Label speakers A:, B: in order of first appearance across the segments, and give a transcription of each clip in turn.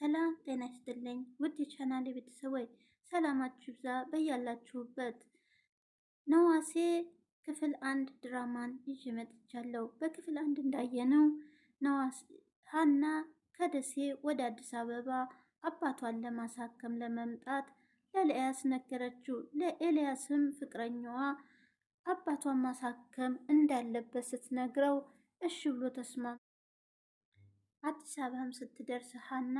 A: ሰላም ጤና ይስጥልኝ ውድ የቻናሌ ቤተሰቦች ሰላማችሁ ይብዛ በያላችሁበት። ነዋሴ ክፍል አንድ ድራማን ይዤ መጥቻለሁ። በክፍል አንድ እንዳየነው ነዋሴ ሀና ከደሴ ወደ አዲስ አበባ አባቷን ለማሳከም ለመምጣት ለኤልያስ ነገረችው። ለኤልያስም ፍቅረኛዋ አባቷን ማሳከም እንዳለበት ስትነግረው እሺ ብሎ ተስማም አዲስ አበባም ስትደርስ ሀና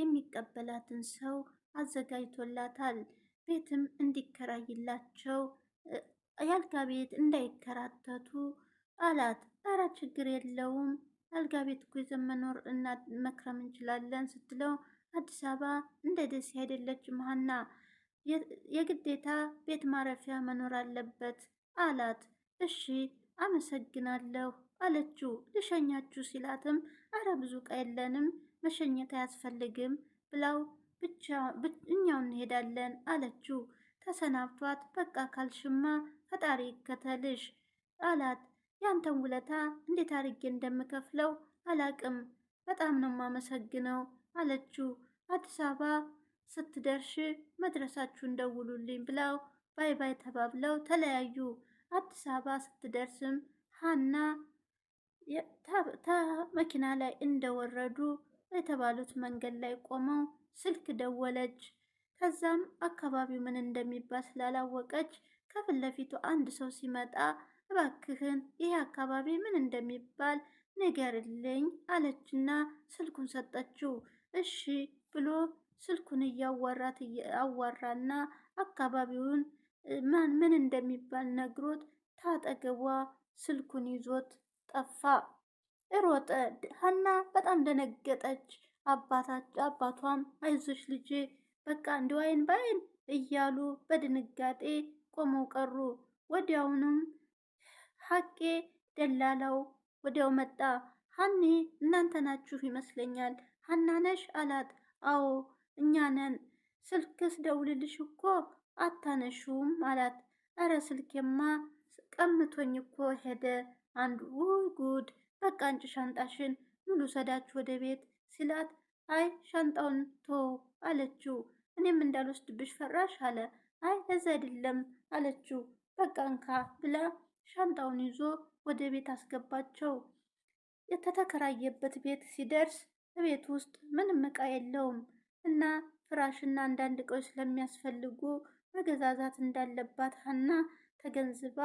A: የሚቀበላትን ሰው አዘጋጅቶላታል። ቤትም እንዲከራይላቸው የአልጋ ቤት እንዳይከራተቱ አላት። ኧረ ችግር የለውም አልጋ ቤት እኮ ይዘን መኖር እና መክረም እንችላለን ስትለው አዲስ አበባ እንደ ደስ አይደለችም ሀና የግዴታ ቤት ማረፊያ መኖር አለበት አላት። እሺ አመሰግናለሁ አለችው። ልሸኛችሁ ሲላትም አረ ብዙ ቀየለንም መሸኘት አያስፈልግም ብላው እኛው እንሄዳለን አለችው። ተሰናብቷት በቃ ካልሽማ ፈጣሪ ይከተልሽ አላት። ያንተን ውለታ እንዴት አርጌ እንደምከፍለው አላቅም በጣም ነው የማመሰግነው አለችው። አዲስ አበባ ስትደርሽ መድረሳችሁን ደውሉልኝ ብላው ባይ ባይ ተባብለው ተለያዩ። አዲስ አበባ ስትደርስም ሀና መኪና ላይ እንደወረዱ የተባሉት መንገድ ላይ ቆመው ስልክ ደወለች። ከዛም አካባቢው ምን እንደሚባል ስላላወቀች ከፊት ለፊቱ አንድ ሰው ሲመጣ እባክህን ይህ አካባቢ ምን እንደሚባል ንገርልኝ አለችና ስልኩን ሰጠችው። እሺ ብሎ ስልኩን እያወራት አዋራና አካባቢውን ማን ምን እንደሚባል ነግሮት ታጠገቧ ስልኩን ይዞት ጠፋ። እሮጠ ሀና በጣም ደነገጠች። አባቷም አይዞች ልጄ በቃ እንዲሁ አይን በአይን እያሉ በድንጋጤ ቆመው ቀሩ። ወዲያውኑም ሀቄ ደላላው ወዲያው መጣ። ሀኔ እናንተ ናችሁ ይመስለኛል። ሀና ነሽ አላት። አዎ እኛ ነን። ስልክስ ደውልልሽ እኮ አታነሹም አላት። እረ ስልኬማ ቀምቶኝ እኮ ሄደ። አንድ ውይ ጉድ፣ በቃ ሻንጣሽን ሙሉ ሰዳች ወደ ቤት ሲላት፣ አይ ሻንጣውን ቶ አለችው። እኔም እንዳልወስድብሽ ፈራሽ አለ። አይ እዚ አይደለም አለችው። በቃ እንካ ብላ ሻንጣውን ይዞ ወደ ቤት አስገባቸው። የተተከራየበት ቤት ሲደርስ ቤት ውስጥ ምንም እቃ የለውም እና ፍራሽና አንዳንድ እቃዎች ስለሚያስፈልጉ መገዛዛት እንዳለባት ሀና ተገንዝባ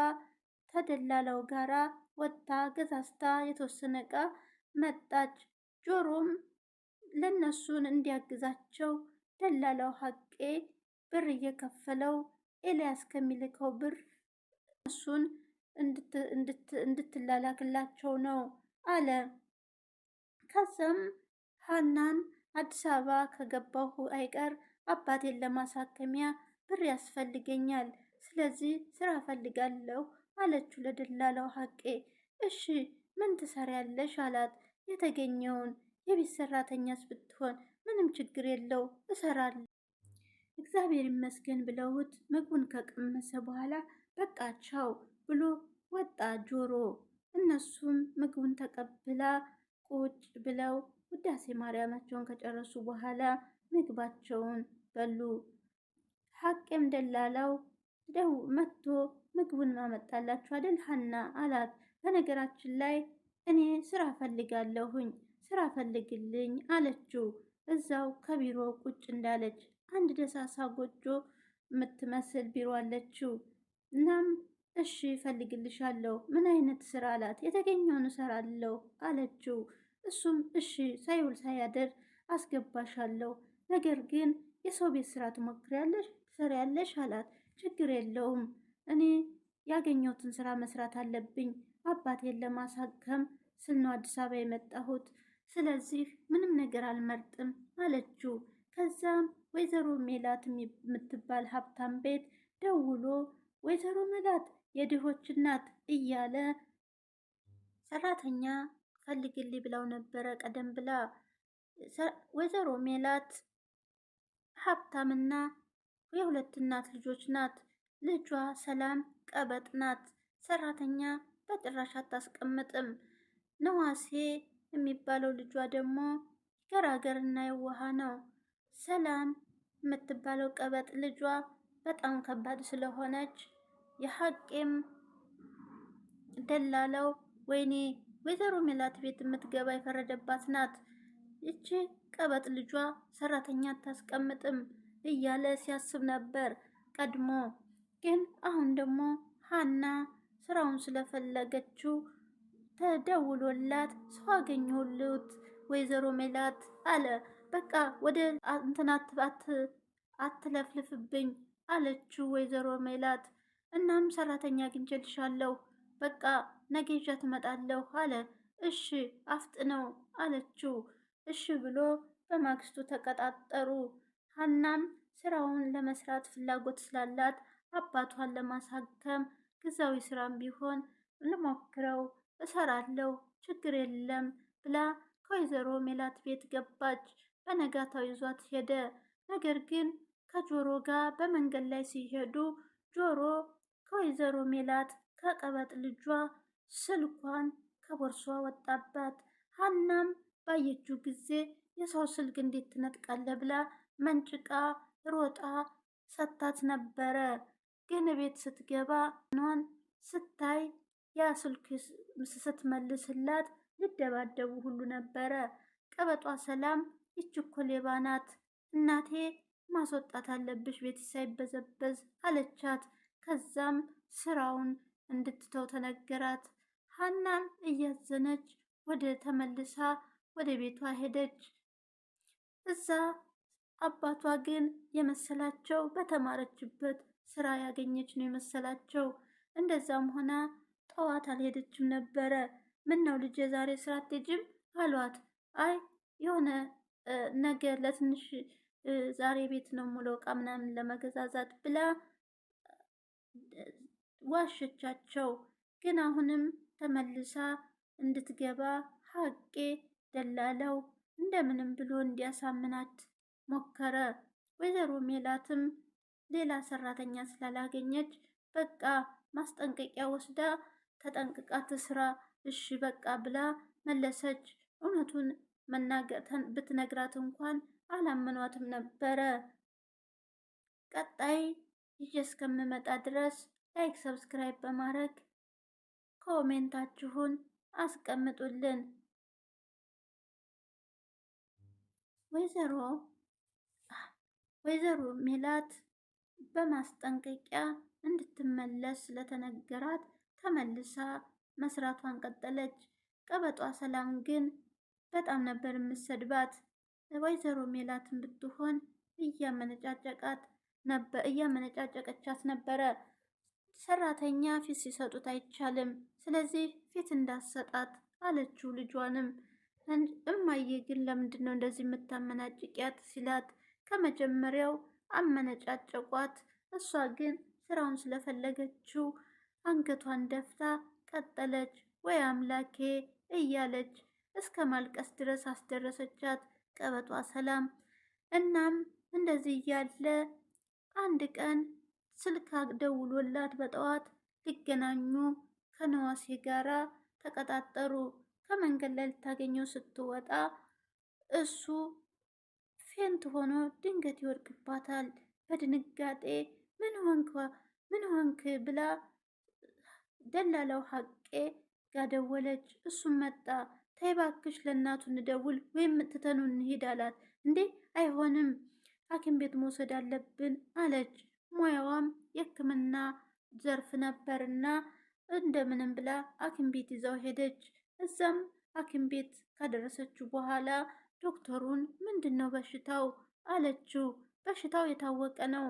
A: ከደላላው ጋራ ወጥታ ገዛዝታ የተወሰነ እቃ መጣች። ጆሮም ለነሱን እንዲያግዛቸው ደላላው ሀቄ ብር እየከፈለው ኤልያስ ከሚልከው ብር እሱን እንድትላላክላቸው ነው አለ። ከዛም ሀናን አዲስ አበባ ከገባሁ አይቀር አባቴን ለማሳከሚያ ብር ያስፈልገኛል፣ ስለዚህ ስራ ፈልጋለሁ አለችው ለደላላው ሀቄ። እሺ ምን ትሰሪያለሽ አላት። የተገኘውን የቤት ሰራተኛስ ብትሆን ምንም ችግር የለው እሰራለሁ፣ እግዚአብሔር ይመስገን ብለውት ምግቡን ከቀመሰ በኋላ በቃ ቻው ብሎ ወጣ ጆሮ። እነሱም ምግቡን ተቀብላ ቁጭ ብለው ውዳሴ ማርያማቸውን ከጨረሱ በኋላ ምግባቸውን በሉ። ሐቄም ደላላው ደው መጥቶ ምግቡን ማመጣላችሁ አይደል ሀና አላት። በነገራችን ላይ እኔ ስራ ፈልጋለሁኝ ስራ ፈልግልኝ አለችው። እዛው ከቢሮ ቁጭ እንዳለች አንድ ደሳሳ ጎጆ የምትመስል ቢሮ አለችው። እናም እሺ ፈልግልሻለሁ፣ ምን አይነት ስራ አላት። የተገኘውን እሰራለሁ አለችው። እሱም እሺ ሳይውል ሳያደር አስገባሻለሁ፣ ነገር ግን የሰው ቤት ስራ ትሞክሪያለሽ ትሰሪያለሽ አላት። ችግር የለውም እኔ ያገኘሁትን ስራ መስራት አለብኝ። አባቴን ለማሳከም ስል ነው አዲስ አበባ የመጣሁት። ስለዚህ ምንም ነገር አልመርጥም አለችው። ከዛም ወይዘሮ ሜላት የምትባል ሀብታም ቤት ደውሎ ወይዘሮ ሜላት የድሆች እናት እያለ ሰራተኛ ፈልግልኝ ብለው ነበረ ቀደም ብላ። ወይዘሮ ሜላት ሀብታምና የሁለት እናት ልጆች ናት። ልጇ ሰላም ቀበጥ ናት። ሰራተኛ በጭራሽ አታስቀምጥም። ነዋሴ የሚባለው ልጇ ደግሞ ገራገርና የዋሃ ነው። ሰላም የምትባለው ቀበጥ ልጇ በጣም ከባድ ስለሆነች የሐቄም ደላለው ወይኔ ወይዘሮ ሜላት ቤት የምትገባ የፈረደባት ናት። ይቺ ቀበጥ ልጇ ሰራተኛ አታስቀምጥም። እያለ ሲያስብ ነበር ቀድሞ። ግን አሁን ደግሞ ሀና ስራውን ስለፈለገችው ተደውሎላት ሰው አገኘሁልዎት ወይዘሮ ሜላት አለ። በቃ ወደ እንትና አትለፍልፍብኝ አለችው ወይዘሮ ሜላት። እናም ሰራተኛ አግኝቼልሻለሁ፣ በቃ ነገ ትመጣለሁ አለ። እሺ አፍጥነው አለችው። እሺ ብሎ በማግስቱ ተቀጣጠሩ። ሀናም ስራውን ለመስራት ፍላጎት ስላላት አባቷን ለማሳከም ጊዜያዊ ስራም ቢሆን ልሞክረው እሰራለሁ፣ ችግር የለም ብላ ከወይዘሮ ሜላት ቤት ገባች። በነጋታው ይዟት ሄደ። ነገር ግን ከጆሮ ጋር በመንገድ ላይ ሲሄዱ ጆሮ ከወይዘሮ ሜላት ከቀበጥ ልጇ ስልኳን ከቦርሷ ወጣባት። ሀናም ባየችው ጊዜ የሰው ስልክ እንዴት ትነጥቃለ ብላ መንጭቃ ሮጣ ሰታት ነበረ። ግን ቤት ስትገባ ኗን ስታይ ያ ስልክ ስትመልስላት ልደባደቡ ሁሉ ነበረ። ቀበጧ ሰላም ይች እኮ ሌባ ናት እናቴ ማስወጣት አለብሽ ቤት ሳይበዘበዝ አለቻት። ከዛም ስራውን እንድትተው ተነገራት። ሀናም እያዘነች ወደ ተመልሳ ወደ ቤቷ ሄደች። እዛ አባቷ ግን የመሰላቸው በተማረችበት ስራ ያገኘች ነው የመሰላቸው። እንደዛም ሆና ጠዋት አልሄደችም ነበረ። ምን ነው ልጅ የዛሬ ስራ አትሄጂም አሏት። አይ የሆነ ነገ ለትንሽ ዛሬ ቤት ነው ሙሉ እቃ ምናምን ለመገዛዛት ብላ ዋሸቻቸው። ግን አሁንም ተመልሳ እንድትገባ ሀቄ ደላለው እንደምንም ብሎ እንዲያሳምናት ሞከረ። ወይዘሮ ሜላትም ሌላ ሰራተኛ ስላላገኘች በቃ ማስጠንቀቂያ ወስዳ ተጠንቅቃ ትስራ እሺ በቃ ብላ መለሰች። እውነቱን መናገር ብትነግራት እንኳን አላመኗትም ነበረ። ቀጣይ ይዤ እስከምመጣ ድረስ ላይክ፣ ሰብስክራይብ በማድረግ ኮሜንታችሁን አስቀምጡልን። ወይዘሮ ወይዘሮ ሜላት በማስጠንቀቂያ እንድትመለስ ስለተነገራት ተመልሳ መስራቷን ቀጠለች። ቀበጧ ሰላም ግን በጣም ነበር የምሰድባት። ወይዘሮ ሜላትን ብትሆን እያመነጫጨቃት ነበር እያመነጫጨቀቻት ነበረ። ሰራተኛ ፊት ሲሰጡት አይቻልም፣ ስለዚህ ፊት እንዳሰጣት አለችው። ልጇንም እማዬ ግን ለምንድን ነው እንደዚህ የምታመናጭቂያት ሲላት ከመጀመሪያው አመነጫጨቋት። እሷ ግን ስራውን ስለፈለገችው አንገቷን ደፍታ ቀጠለች። ወይ አምላኬ እያለች እስከ ማልቀስ ድረስ አስደረሰቻት ቀበጧ ሰላም። እናም እንደዚህ እያለ አንድ ቀን ስልክ ደውሎላት በጠዋት ሊገናኙ ከነዋሴ ጋራ ተቀጣጠሩ። ከመንገድ ላይ ልታገኘው ስትወጣ እሱ ፌንት ሆኖ ድንገት ይወድቅባታል። በድንጋጤ ምን ሆንክ ምን ሆንክ ብላ ደላላው ሀቄ ጋደወለች እሱም መጣ። ተይ እባክሽ ለእናቱ እንደውል ወይም ትተኑ እንሂድ አላት። እንዴ አይሆንም፣ ሐኪም ቤት መውሰድ አለብን አለች። ሙያዋም የሕክምና ዘርፍ ነበርና እንደምንም ብላ ሐኪም ቤት ይዛው ሄደች። እዛም ሐኪም ቤት ካደረሰችው በኋላ ዶክተሩን ምንድን ነው በሽታው አለችው። በሽታው የታወቀ ነው።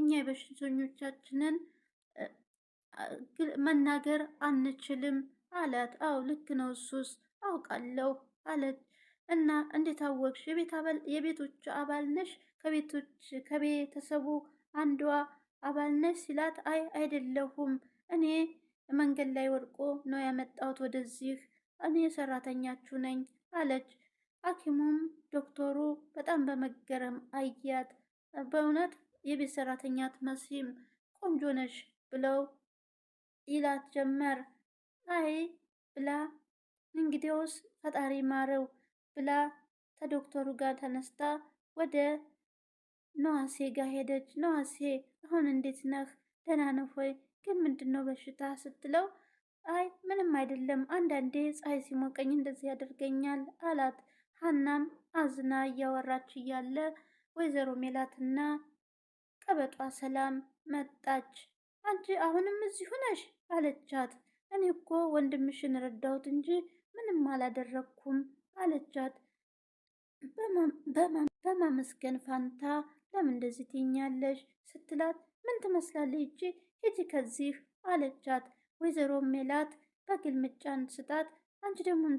A: እኛ የበሽተኞቻችንን መናገር አንችልም አላት። አው ልክ ነው እሱስ አውቃለሁ አለች። እና እንዴት አወቅሽ? የቤቶቹ አባል ነሽ? ከቤቶች ከቤተሰቡ አንዷ አባል ነሽ ሲላት፣ አይ አይደለሁም፣ እኔ መንገድ ላይ ወድቆ ነው ያመጣሁት ወደዚህ፣ እኔ ሰራተኛችሁ ነኝ አለች። ሐኪሙም ዶክተሩ በጣም በመገረም አያት። በእውነት የቤት ሰራተኛ አትመስይም፣ ቆንጆ ነሽ ብለው ይላት ጀመር። አይ ብላ እንግዲያውስ ፈጣሪ ማረው ብላ ከዶክተሩ ጋር ተነስታ ወደ ነዋሴ ጋር ሄደች። ነዋሴ አሁን እንዴት ነህ? ደህና ነህ ወይ? ግን ምንድን ነው በሽታ ስትለው አይ ምንም አይደለም፣ አንዳንዴ ፀሐይ ሲሞቀኝ እንደዚህ ያደርገኛል አላት። ሀናም አዝና እያወራች እያለ ወይዘሮ ሜላትና ቀበጧ ሰላም መጣች። አንቺ አሁንም እዚሁ ነሽ አለቻት። እኔ እኮ ወንድምሽን ረዳሁት እንጂ ምንም አላደረግኩም አለቻት። በማመስገን ፋንታ ለምን እንደዚህ ትኛለሽ ስትላት ምን ትመስላለች እጂ ሂጂ ከዚህ አለቻት። ወይዘሮ ሜላት በግልምጫ ስጣት አንቺ ደግሞ ምን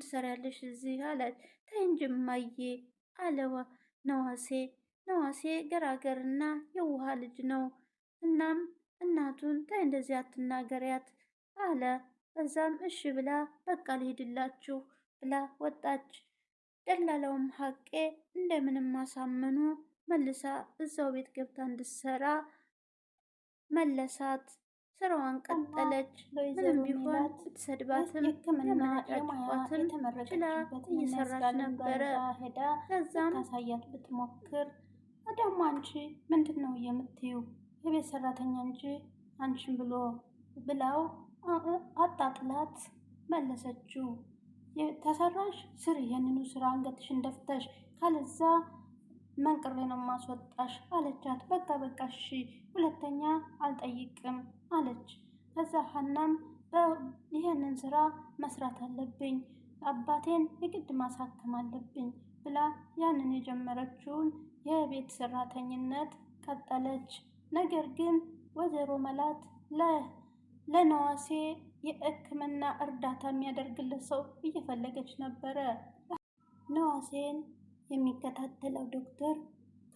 A: እዚህ አላት። ተይ እንጂ እማዬ አለዋ ነዋሴ ነዋሴ ገራገርና የውሃ ልጅ ነው። እናም እናቱን ተይ እንደዚህ አትናገሪያት አለ። በዛም እሺ ብላ በቃ ልሄድላችሁ ብላ ወጣች። ደላላውም ሀቄ እንደምንም ማሳመኑ መልሳ እዛው ቤት ገብታ እንድትሰራ መለሳት። ስራዋን ቀጠለች። ምንም ቢሆን ብትሰድባትም ለመናጫጭቋትን ችላ እየሰራች ነበረ። ከዛም ታሳያት ብትሞክር ደግሞ አንቺ ምንድን ነው የምትዩ የቤት ሰራተኛ እንጂ አንቺን ብሎ ብላው አጣጥላት መለሰችው። ተሰራሽ ስር ይህንኑ ስራ አንገትሽ እንደፍተሽ ካለዛ መንቅሬ ነው ማስወጣሽ አለቻት። በቃ በቃ እሺ፣ ሁለተኛ አልጠይቅም አለች። ከዛ ሀናም ይህንን ስራ መስራት አለብኝ፣ አባቴን የግድ ማሳከም አለብኝ ብላ ያንን የጀመረችውን የቤት ሰራተኝነት ቀጠለች። ነገር ግን ወይዘሮ መላት ለነዋሴ የሕክምና እርዳታ የሚያደርግለት ሰው እየፈለገች ነበረ። ነዋሴን የሚከታተለው ዶክተር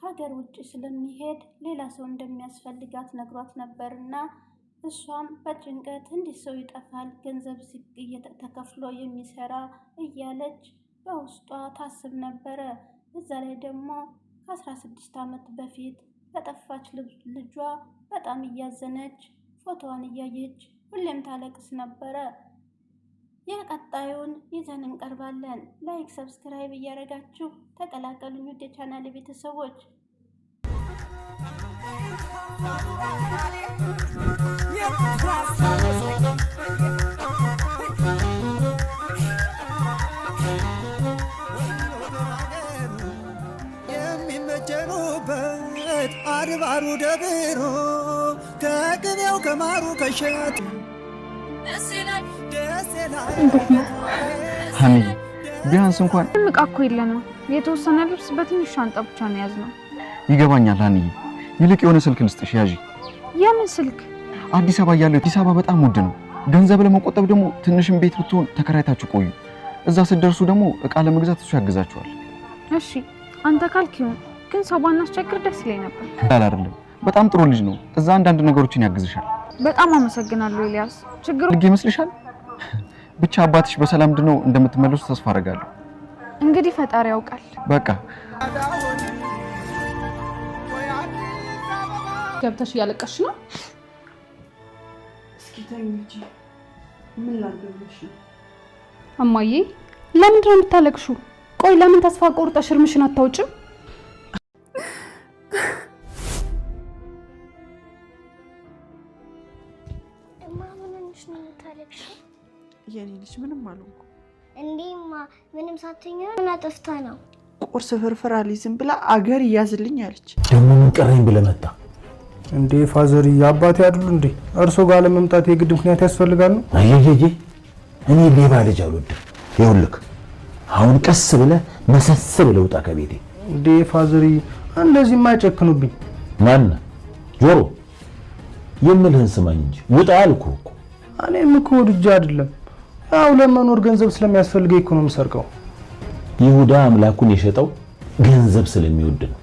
A: ከሀገር ውጭ ስለሚሄድ ሌላ ሰው እንደሚያስፈልጋት ነግሯት ነበርና እሷም በጭንቀት እንዲህ ሰው ይጠፋል ገንዘብ ተከፍሎ የሚሰራ እያለች በውስጧ ታስብ ነበረ። እዛ ላይ ደግሞ ከአስራ ስድስት ዓመት በፊት ለጠፋች ልጇ በጣም እያዘነች ፎቶዋን እያየች ሁሌም ታለቅስ ነበረ። የቀጣዩን ይዘን እንቀርባለን። ላይክ፣ ሰብስክራይብ እያደረጋችሁ ተቀላቀሉኝ ውድ የቻናል ቤተሰቦች።
B: የሚመጀኑበት አድባሩ ደብሮ ከቅቤው ከማሩ ከሸት ሀሚዬ ቢያንስ እንኳን
C: ምቃኮ የለንም። የተወሰነ ልብስ በትንሽ ሻንጣ ብቻ ነው የያዝነው።
B: ይገባኛል ሀኒዬ ይልቅ የሆነ ስልክ ልስጥሽ ያዢ። የምን ስልክ? አዲስ አበባ እያለ አዲስ አበባ በጣም ውድ ነው። ገንዘብ ለመቆጠብ ደግሞ ትንሽም ቤት ብትሆን ተከራይታችሁ ቆዩ። እዛ ስትደርሱ ደግሞ እቃ ለመግዛት እሱ ያግዛችኋል።
C: እሺ አንተ ካልክ ይሁን፣ ግን ሰው ባናስቸግር ደስ ይለኝ ነበር።
B: አይደለም በጣም ጥሩ ልጅ ነው። እዛ አንዳንድ ነገሮችን ያግዝሻል።
C: በጣም አመሰግናለሁ ኤልያስ።
B: ችግሩ ልጅ ይመስልሻል? ብቻ አባትሽ በሰላም ድነው እንደምትመለሱ ተስፋ አደርጋለሁ።
C: እንግዲህ ፈጣሪ ያውቃል። በቃ ገብተሽ እያለቀሽ ነው።
D: እስኪ ተኝቼ ምን ላገበሽ
C: እማዬ ለምንድን ነው የምታለቅሹ? ቆይ ለምን ተስፋ ቆርጠሽ እርምሽን አታውጭም?
D: የኔ ልጅ ምንም አልሆንኩም።
E: እንዴማ ምንም ሳትኛ ምን አጠፍታ ነው?
C: ቁርስ ፍርፍር አልይዝም ብላ አገር እያዝልኝ አለች።
B: ደግሞ ምን ቀረኝ ብለህ መጣ
D: እንዴ ፋዘርዬ፣ አባቴ አይደሉ እንዴ? እርሶ ጋር ለመምጣት የግድ ምክንያት ያስፈልጋል ነው?
B: አየየየ እኔ ሌባ ልጅ አልወድም። ይኸውልህ አሁን ቀስ ብለህ መሰስ ብለህ ውጣ ከቤቴ።
D: እንዴ ፋዘሪ እንደዚህ ማይጨክኑብኝ
B: ማን? ጆሮ የምልህን ስማኝ እንጂ ውጣ አልኩህ እኮ።
D: እኔም እኮ ወድጄ አይደለም፣ ያው ለመኖር ገንዘብ ስለሚያስፈልገኝ እኮ ነው የምሰርቀው።
B: ይሁዳ አምላኩን የሸጠው ገንዘብ ስለሚወድ ነው።